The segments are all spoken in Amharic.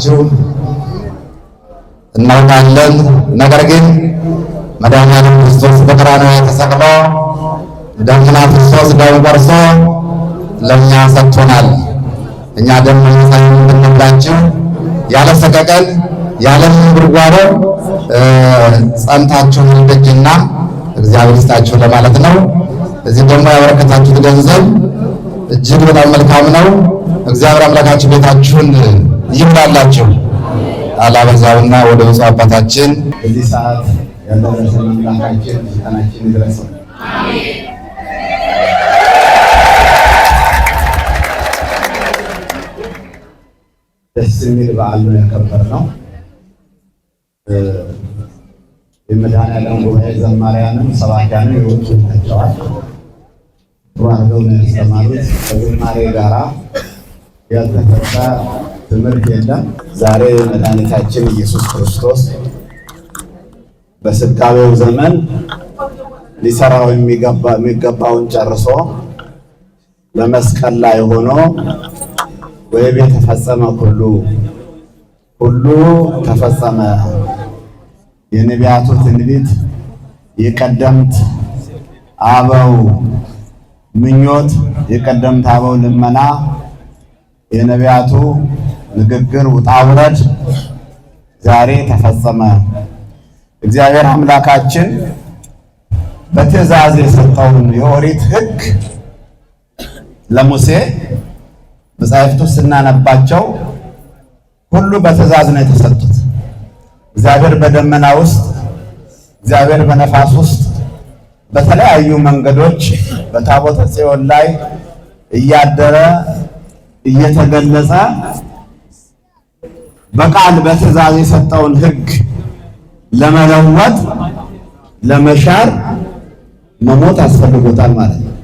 መሆናችሁን እናውቃለን። ነገር ግን መድኃኒዓለም ክርስቶስ በቀራንዮ ተሰቅሎ ደሙን አፍስሶ ደሙን ቆርሶ ለእኛ ሰጥቶናል። እኛ ደግሞ ሳይ ብንላችሁ ያለ ሰቀቀን ያለ ጉርጓሮ ጸንታችሁ ልደጅና እግዚአብሔር ይስጣችሁ ለማለት ነው። እዚህ ደግሞ ያበረከታችሁት ገንዘብ እጅግ በጣም መልካም ነው። እግዚአብሔር አምላካችሁ ቤታችሁን ይምላላችሁ። አላበዛውና ወደ ብፁዕ አባታችን በዚህ ሰዓት ያደረሰን አምላካችን ምስጋናችን ይድረሰው። ደስ የሚል በዓል ነው ያከበርነው። የመድኃኔዓለም ጉባኤ ዘማሪያንም ሰባኪያንም የወጡ ናቸዋል ተዋህደው ነው ያስተማሩት ከዝማሬ ጋራ ያልተፈታ ትምህርት የለም። ዛሬ መድኃኒታችን ኢየሱስ ክርስቶስ በስጋዌው ዘመን ሊሰራው የሚገባውን ጨርሶ በመስቀል ላይ ሆኖ ወይም የተፈጸመ ሁሉ ሁሉ ተፈጸመ፣ የነቢያቱ ትንቢት፣ የቀደምት አበው ምኞት፣ የቀደምት አበው ልመና፣ የነቢያቱ ንግግር፣ ውጣ ውረድ ዛሬ ተፈጸመ። እግዚአብሔር አምላካችን በትእዛዝ የሰጠውን የኦሪት ሕግ ለሙሴ መጻሕፍቱ ስናነባቸው ሁሉ በትእዛዝ ነው የተሰጡት። እግዚአብሔር በደመና ውስጥ እግዚአብሔር በነፋስ ውስጥ በተለያዩ መንገዶች በታቦተ ጽዮን ላይ እያደረ እየተገለጸ በቃል በትእዛዝ የሰጠውን ሕግ ለመለወጥ ለመሻር መሞት አስፈልጎታል ማለት ነው።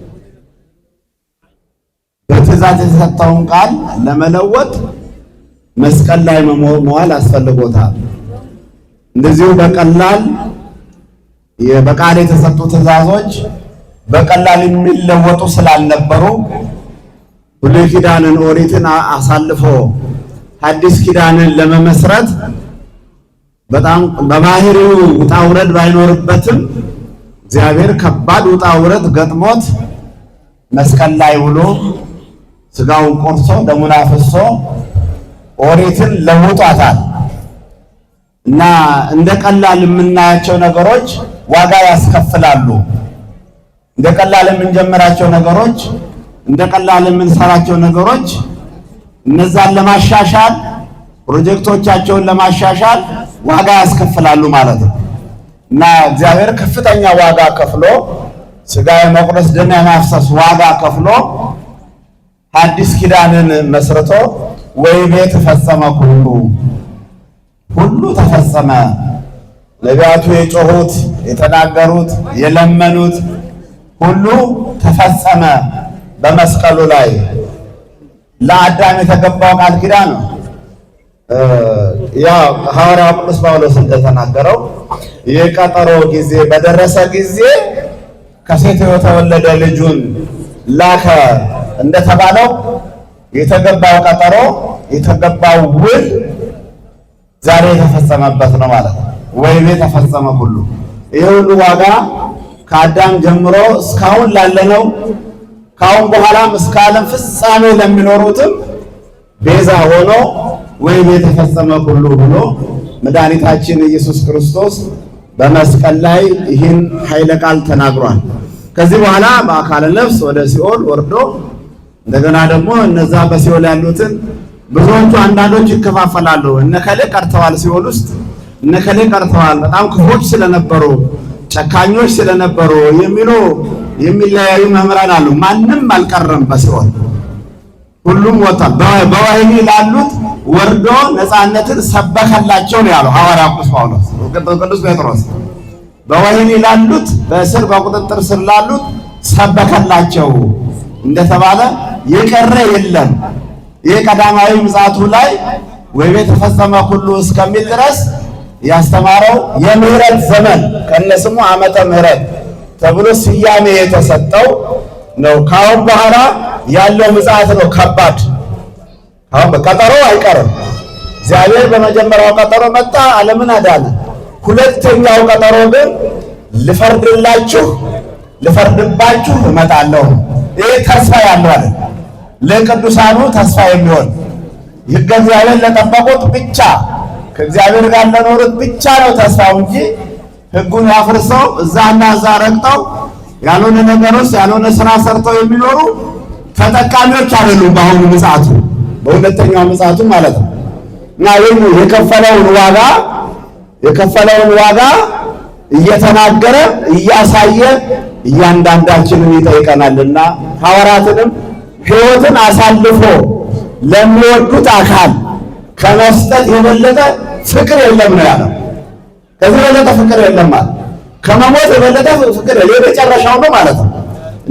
በትእዛዝ የተሰጠውን ቃል ለመለወጥ መስቀል ላይ መዋል አስፈልጎታል። እንደዚሁ በቀላል በቃል የተሰጡ ትእዛዞች በቀላል የሚለወጡ ስላልነበሩ ብሉይ ኪዳንን ኦሪትን አሳልፎ አዲስ ኪዳንን ለመመስረት በጣም በባህሪው ውጣ ውረድ ባይኖርበትም እግዚአብሔር ከባድ ውጣ ውረድ ገጥሞት መስቀል ላይ ውሎ ስጋውን ቆርሶ ደሙን አፍሶ ኦሪትን ለውጧታል እና እንደ ቀላል የምናያቸው ነገሮች ዋጋ ያስከፍላሉ። እንደ ቀላል የምንጀምራቸው ነገሮች፣ እንደ ቀላል የምንሰራቸው ነገሮች እነዛን ለማሻሻል ፕሮጀክቶቻቸውን ለማሻሻል ዋጋ ያስከፍላሉ ማለት ነው እና እግዚአብሔር ከፍተኛ ዋጋ ከፍሎ ስጋ የመቁረስ ደም የማፍሰስ ዋጋ ከፍሎ አዲስ ኪዳንን መስርቶ ወይቤ ተፈጸመ ሁሉ ሁሉ ተፈጸመ። ነቢያቱ የጮሁት የተናገሩት፣ የለመኑት ሁሉ ተፈጸመ በመስቀሉ ላይ ለአዳም የተገባው ቃል ኪዳን ነው። ያው ሐዋርያ ቅዱስ ጳውሎስ እንደተናገረው የቀጠሮ ጊዜ በደረሰ ጊዜ ከሴት የተወለደ ልጁን ላከ እንደተባለው የተገባው ቀጠሮ የተገባው ውል ዛሬ የተፈጸመበት ነው ማለት ነው። ወይም የተፈጸመ ሁሉ ይህ ሁሉ ዋጋ ከአዳም ጀምሮ እስካሁን ላለነው ከአሁን በኋላም እስከ ዓለም ፍጻሜ ለሚኖሩትም ቤዛ ሆኖ ወይም የተፈጸመ ሁሉ ብሎ መድኃኒታችን ኢየሱስ ክርስቶስ በመስቀል ላይ ይህን ኃይለ ቃል ተናግሯል። ከዚህ በኋላ በአካል ነፍስ ወደ ሲኦል ወርዶ እንደገና ደግሞ እነዛ በሲኦል ያሉትን ብዙዎቹ አንዳንዶች ይከፋፈላሉ። እነከሌ ቀርተዋል፣ ሲኦል ውስጥ እነ ቀርተዋል፣ በጣም ክፎች ስለነበሩ ጨካኞች ስለነበሩ የሚሉ የሚለያዩ መምህራን አሉ። ማንም አልቀረም በሲኦል ሁሉም ወጥቷል። በወህኒ ላሉት ወርዶ ነፃነትን ሰበከላቸው ነው ያለው ሐዋርያ ቅዱስ ጳውሎስ ቅዱስ ጴጥሮስ። በወህኒ ላሉት በእስር በቁጥጥር ስር ላሉት ሰበከላቸው እንደተባለ የቀረ የለም። ይህ ቀዳማዊ ምጽአቱ ላይ ወይቤ ተፈጸመ ሁሉ እስከሚል ድረስ ያስተማረው የምህረት ዘመን ከነስሙ ዓመተ ምህረት ተብሎ ስያሜ የተሰጠው ነው። ካሁን በኋላ ያለው ምጽአት ነው ከባድ። አሁን ቀጠሮ አይቀርም። እግዚአብሔር በመጀመሪያው ቀጠሮ መጣ፣ ዓለምን አዳነ። ሁለተኛው ቀጠሮ ግን ልፈርድላችሁ ልፈርድባችሁ እመጣለሁ። ይህ ተስፋ ያለዋል አለ ለቅዱሳኑ ተስፋ የሚሆን ሕገ እግዚአብሔር ለጠበቁት ብቻ ከእግዚአብሔር ጋር ለኖሩት ብቻ ነው ተስፋው እንጂ ህጉን አፍርሰው እዛና እዛ ረግጠው ያልሆነ ነገር ውስጥ ያልሆነ ስራ ሰርተው የሚኖሩ ተጠቃሚዎች አይደሉም። በአሁኑ ምጽአቱ፣ በሁለተኛው ምጽአቱ ማለት ነው እና ይህ የከፈለውን ዋጋ የከፈለውን ዋጋ እየተናገረ እያሳየ እያንዳንዳችንን ይጠይቀናልና ሐዋርያትንም ህይወትን አሳልፎ ለሚወዱት አካል ከመስጠት የበለጠ ፍቅር የለም ነው ያለው። ከዚህ የበለጠ ፍቅር የለም አለ። ከመሞት የበለጠ ፍቅር የመጨረሻው ነው ማለት ነው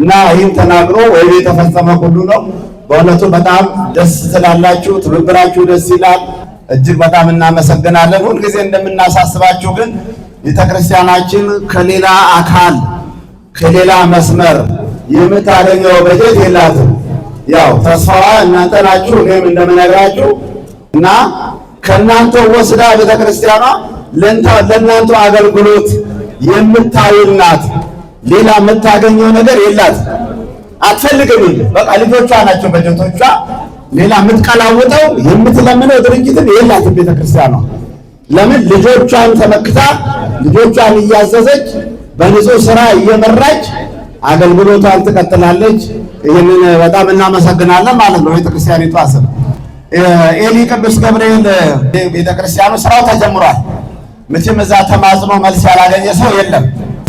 እና ይህን ተናግሮ ወይ የተፈጸመ ሁሉ ነው። በእውነቱ በጣም ደስ ስላላችሁ ትብብራችሁ ደስ ይላል። እጅግ በጣም እናመሰግናለን። ሁልጊዜ እንደምናሳስባችሁ ግን ቤተክርስቲያናችን ከሌላ አካል ከሌላ መስመር የምታገኘው በጀት የላትም። ያው ተስፋዋ እናንተ ናችሁ፣ እኔም እንደምነግራችሁ እና ከእናንተ ወስዳ ቤተክርስቲያኗ ለእናንተ አገልግሎት የምታውል ሌላ የምታገኘው ነገር የላት አትፈልግም። በቃ ልጆቿ ናቸው በጀቶቿ። ሌላ የምትቀላውጠው የምትለምነው ድርጅትም የላት ቤተክርስቲያኗ። ለምን ልጆቿን ተመክታ ልጆቿን እያዘዘች በንጹህ ስራ እየመራች አገልግሎቷን ትቀጥላለች። ይህንን በጣም እናመሰግናለን ማለት ነው ቤተክርስቲያኒቷ ስም ኤሊ ቅዱስ ገብርኤል ቤተክርስቲያኑ ስራው ተጀምሯል። ምትም እዛ ተማጽኖ መልስ ያላገኘ ሰው የለም።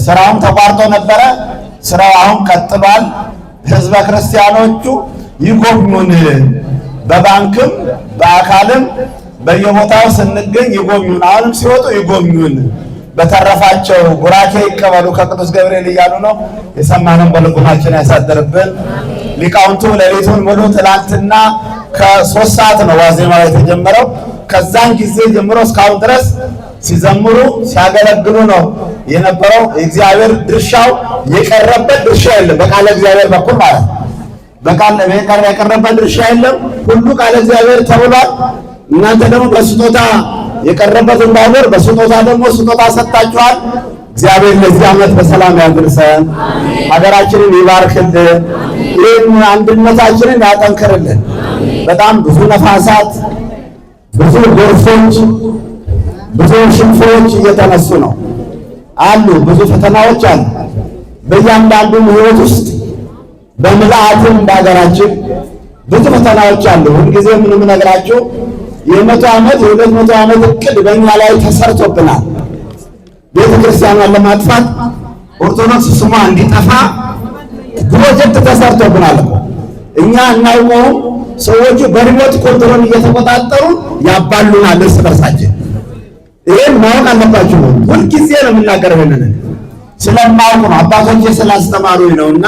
ስራውም ተቋርጦ ነበረ። ስራው አሁን ቀጥሏል። ህዝበ ክርስቲያኖቹ ይጎብኙን፣ በባንክም በአካልም በየቦታው ስንገኝ ይጎብኙን፣ አሁንም ሲወጡ ይጎብኙን፣ በተረፋቸው ቡራኬ ይቀበሉ ከቅዱስ ገብርኤል እያሉ ነው። የሰማንም በልቡናችን ያሳድርብን። ሊቃውንቱ ሌሊቱን ሙሉ ትላንትና ከሶስት ሰዓት ነው ዋዜማ የተጀመረው። ከዛን ጊዜ ጀምሮ እስካሁን ድረስ ሲዘምሩ ሲያገለግሉ ነው የነበረው። እግዚአብሔር ድርሻው የቀረበት ድርሻ የለም። በቃለ እግዚአብሔር በኩል ማለት በቃል በቃል የቀረበት ድርሻ የለም። ሁሉ ቃለ እግዚአብሔር ተብሏል። እናንተ ደግሞ በስጦታ የቀረበትን ባይኖር በስጦታ ደግሞ ስጦታ ሰጥታችኋል። እግዚአብሔር ለዚህ ዓመት በሰላም ያድርሰን፣ ሀገራችንን ይባርክልን፣ ይህን አንድነታችንን ያጠንክርልን። በጣም ብዙ ነፋሳት፣ ብዙ ጎርፎች ብዙ ሽንፈቶች እየተነሱ ነው አሉ። ብዙ ፈተናዎች አሉ። በእያንዳንዱም ህይወት ውስጥ በምልአትም በሀገራችን ብዙ ፈተናዎች አሉ። ሁልጊዜ የምንነግራችሁ የመቶ ዓመት የሁለት መቶ ዓመት እቅድ በእኛ ላይ ተሰርቶብናል። ቤተ ክርስቲያኗን ለማጥፋት ኦርቶዶክስ ስሟ እንዲጠፋ ፕሮጀክት ተሰርቶብናል። እኛ እናውቀውም ሰዎቹ በሪሞት ኮንትሮል እየተቆጣጠሩ ያባሉናል እርስ በርሳችን ማወቅ አለባችሁ። ሁልጊዜ ነው የምናገረው ይሄንን ስለማውቅ ነው አባቶቼ ስላስተማሩኝ ነው። እና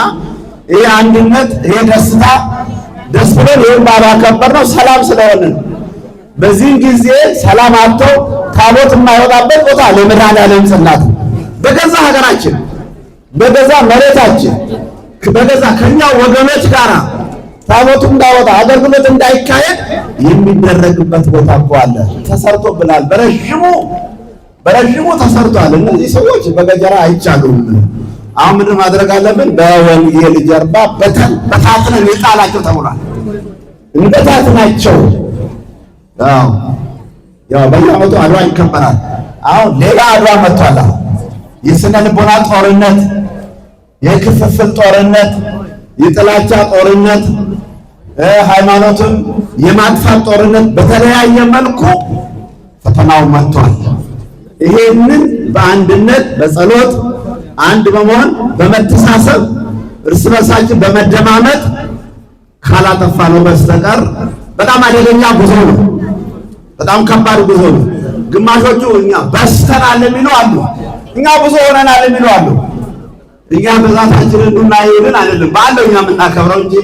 ይሄ አንድነት ይሄ ደስታ ደስ ብለን ይሄን ባላከበር ነው ሰላም ስለሆነ በዚህም ጊዜ ሰላም አጥቶ ታቦት የማይወጣበት ቦታ ለመድኃኔዓለም ጽላት በገዛ ሀገራችን በገዛ መሬታችን በገዛ ከኛ ወገኖች ጋር ታቦቱ እንዳይወጣ አገልግሎት እንዳይካሄድ የሚደረግበት ቦታ እኮ አለ። ተሰርቶብናል በረዥሙ በረዥሙ ተሰርቷል። እነዚህ ሰዎች በገጀራ አይቻሉም። አሁን ምንድን ማድረግ አለብን? በወንጌል ጀርባ በተን በታትነን የጣላቸው ተብሏል። እንደታትናቸው ያው በየዓመቱ አድዋ ይከበራል። አሁን ሌላ አድዋ መጥቷል። የስነ ልቦና ጦርነት፣ የክፍፍል ጦርነት፣ የጥላቻ ጦርነት፣ ሃይማኖትን የማጥፋት ጦርነት በተለያየ መልኩ ፈተናው መጥቷል። ይሄንን በአንድነት በጸሎት አንድ በመሆን በመተሳሰብ እርስ በርሳችን በመደማመጥ ካላጠፋ ነው በስተቀር በጣም አደገኛ ጉዞ ነው። በጣም ከባድ ጉዞ ነው። ግማሾቹ እኛ በስተናል የሚሉ አሉ። እኛ ብዙ ሆነናል የሚሉ አሉ። እኛ ብዛታችንን ኑና ይሁንን አይደለም ባለው እኛ የምናከብረው እንጂ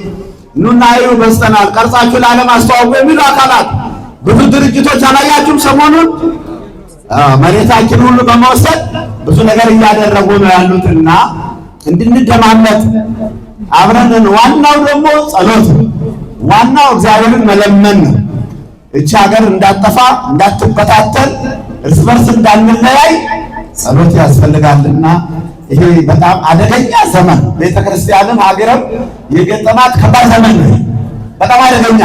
ኑና ይሩ በስተናል ቀርጻችሁ ለዓለም አስተዋውቁ የሚሉ አካላት ብዙ ድርጅቶች አላያችሁም ሰሞኑን መሬታችን ሁሉ በመውሰድ ብዙ ነገር እያደረጉ ነው ያሉትና እንድንደማመጥ አብረንን። ዋናው ደግሞ ጸሎት፣ ዋናው እግዚአብሔርን መለመን ነው። እቺ ሀገር እንዳጠፋ እንዳትበታተል እርስ በርስ እንዳንለያይ ጸሎት ያስፈልጋልና ይሄ በጣም አደገኛ ዘመን ቤተክርስቲያንም ሀገርም የገጠማት ከባድ ዘመን ነው። በጣም አደገኛ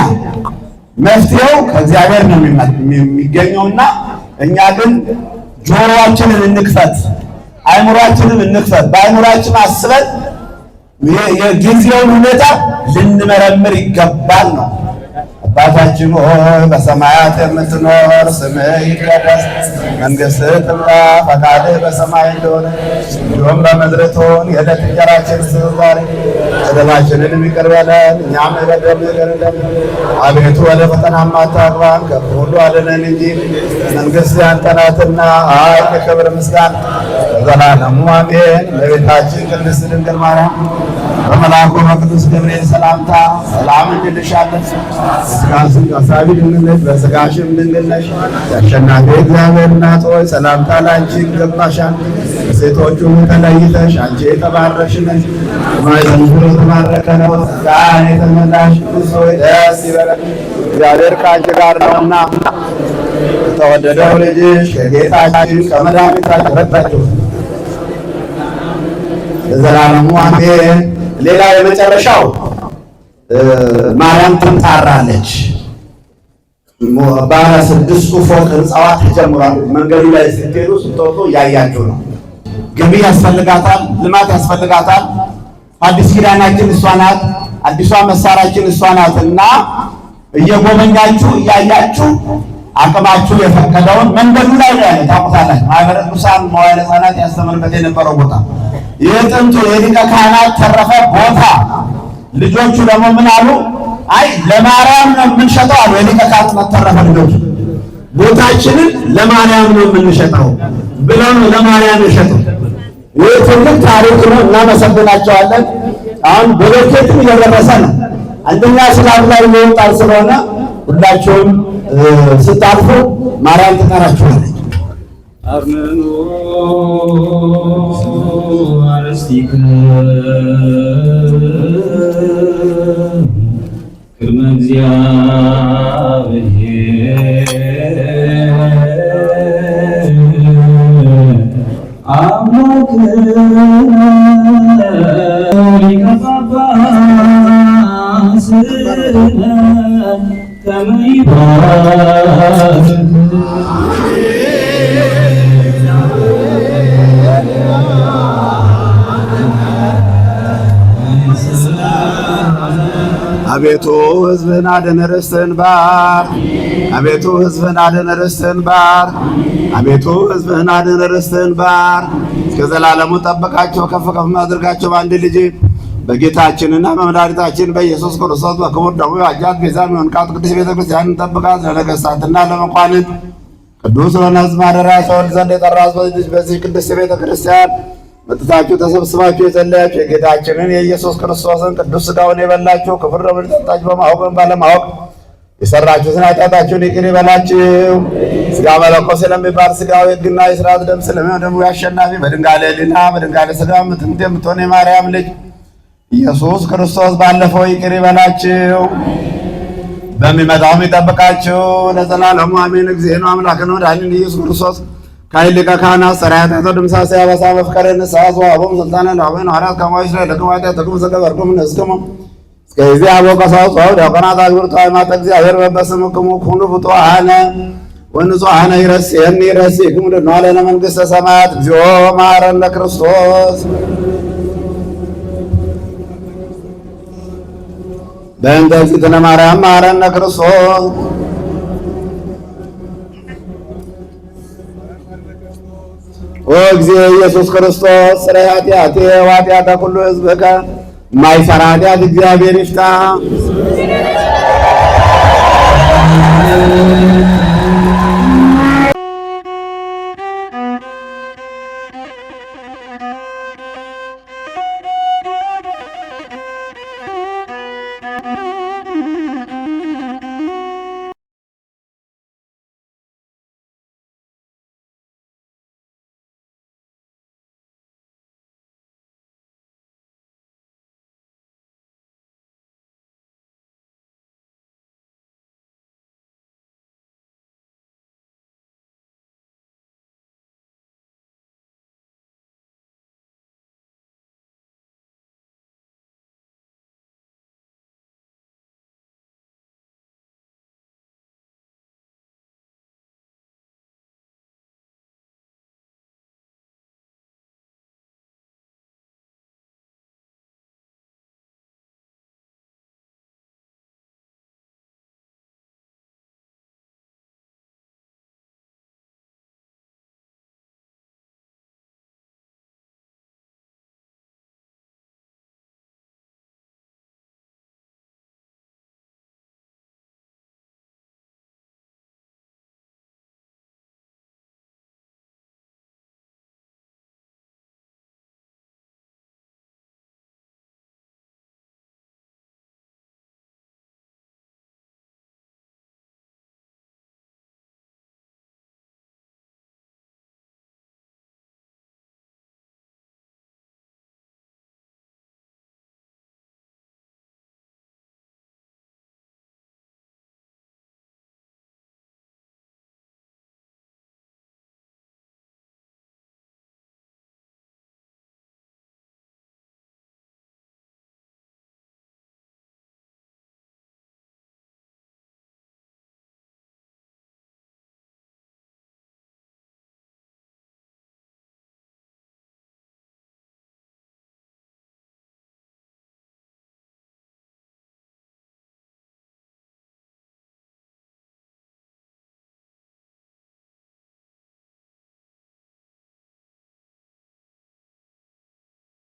መፍትሄው ከእግዚአብሔር ነው የሚገኘውና እኛ ግን ጆሮአችንን እንክፈት፣ አይምሯችንም እንክፈት። በአይምሯችን አስበን የጊዜውን ሁኔታ ልንመረምር ይገባል ነው አባታችን ሆይ በሰማያት የምትኖር ስምህ ይቀደስ፣ መንግሥትህ ትምጣ፣ ፈቃድህ በሰማይ እንደሆነ እንዲሁም በምድር ትሁን። የዕለት እንጀራችንን ስጠን ዛሬ፣ በደላችንን ይቅር በለን እኛም የበደሉንን ይቅር እንደምንል፣ አቤቱ ወደ ፈተና አታግባን ከክፉ ሁሉ አድነን እንጂ መንግሥት ያንተ ናትና ኃይል፣ ክብር፣ ምስጋና ለዘላለሙ አሜን። በቤታችን ቅድስት ድንግል ማርያም በመልአኩ በቅዱስ ገብርኤል ሰላምታ ሰላም እንልሻለን። ስጋሽን አሳቢ ድንግል ነሽ፣ በስጋሽም ድንግል ነሽ። የአሸናፊ እግዚአብሔር እናት ሆይ ሰላምታ ላንቺ ይገባሻል። ሴቶቹ ተለይተሽ አንቺ የተባረክሽ ነሽ፣ ማኅፀንሽ የተባረከ ነው። ጸጋን የተመላሽ ቅድስት ሆይ ደስ ይበለሽ፣ እግዚአብሔር ከአንቺ ጋር ነውና የተወደደው ልጅሽ ከጌታችን ከመድኃኒታችን ረዳችሁ ለዘላለሙ አሜን። ሌላ የመጨረሻው ማርያም ትንጣራለች። ባለ ስድስቱ ፎቅ ህንፃዋ ተጀምሯል። መንገዱ ላይ ስትሄዱ ስትወጡ እያያችሁ ነው። ገቢ ያስፈልጋታል፣ ልማት ያስፈልጋታል። አዲስ ኪዳናችን እሷ ናት፣ አዲሷ መሳሪያችን እሷ ናት እና እየጎበኛችሁ እያያችሁ አቅማችሁ የፈቀደውን መንገዱ ላይ ነው ያለ ታውቁታላችሁ። ማህበረ ቅዱሳን መዋዕለ ሕፃናት ያስተምርበት የነበረው ቦታ የጥንቱ የሊቀ ካህናት ተረፈ ቦታ ልጆቹ ደግሞ ምን አሉ? አይ ለማርያም ነው የምንሸጠው አሉ። የሊቀ ካህናት ተረፈ ልጆቹ ቦታችንን ለማርያም ነው የምንሸጠው ብለው ነው ለማርያም የሸጠው። ይህ ትልቅ ታሪክ ነው፣ እናመሰግናቸዋለን። አሁን በበርኬትም እየደረሰ ነው። አንደኛ ስላም ላይ መውጣት ስለሆነ ሁላችሁም ስታልፉ ማርያም ትጠራችኋለች። አምኑ አርእስቲከ ቅድመ እግዚአብሔር አምላክነ አቤቱ ሕዝብህን አድን ርስትን ባር አቤቱ ሕዝብህን አድን ርስትን ባር አቤቱ ሕዝብህን አድን ርስትን ባር እስከ ዘላለሙ ጠብቃቸው፣ ከፍ ከፍ አድርጋቸው በአንድ ልጅ በጌታችንና በመድኃኒታችን በኢየሱስ ክርስቶስ በክቡር ደሙ አጃት ቤዛ የሚሆን ቃት ቅዱስ ቤተ ክርስቲያንን ጠብቃት። ለነገሥታትና ለመኳንንት ቅዱስ ለሆነ ሕዝብ ማደሪያ ሰውን ዘንድ የጠራ በዚህ ቅዱስ ቤተ ክርስቲያን መጥታችሁ ተሰብስባችሁ የጸለያችሁ የጌታችንን የኢየሱስ ክርስቶስን ቅዱስ ሥጋውን የበላችሁ ክፍር ረብን ጠጣችሁ በማወቅም ባለማወቅ የሰራችሁትን ኃጢአታችሁን ይቅር ይበላችሁ። ሥጋ መለኮት ስለሚባል ሥጋው የሕግና የሥርዓት ደም ስለሚሆን ደግሞ አሸናፊ በድንጋሌ ሊና በድንጋሌ ሥጋ ምትምት የምትሆን የማርያም ልጅ ኢየሱስ ክርስቶስ ባለፈው ይቅር ይበላችሁ፣ በሚመጣውም ይጠብቃችሁ ለዘላለሙ አሜን። እግዚአብሔር ነው። መድኃኒን ኢየሱስ ክርስቶስ ከይልቀ ካህናት ጸራያት ነቶ ድምሳሴ አበሳ መፍቀሬ ንስሐ ዘዋህቦም ስልጣነ ለአበይን ሐዋርያት ከማዊ ስራ ለቅማት ጥቅም ዘገበርኩም ንስክሙ እስከዚህ አቦ ቀሳውስት ወአብድ ቀናት አክብርቱ ሃይማኖተ እግዚአብሔር በበስምክሙ ኩኑ ፍጡሃነ ወንጹሐነ ይረሴኒ ይረሴክሙ ድንዋለ ለመንግሥተ ሰማያት እግዚኦ ማረን ለክርስቶስ በእንተ እግዝእትነ ማርያም መሐረነ ክርስቶስ ወእግዚእ ኢየሱስ ክርስቶስ ጽርሐ ኃጢአቴ ወኃጢአተ ኩሉ ሕዝብከ ማይሰራ ኃጢአት እግዚአብሔር ይፍታ።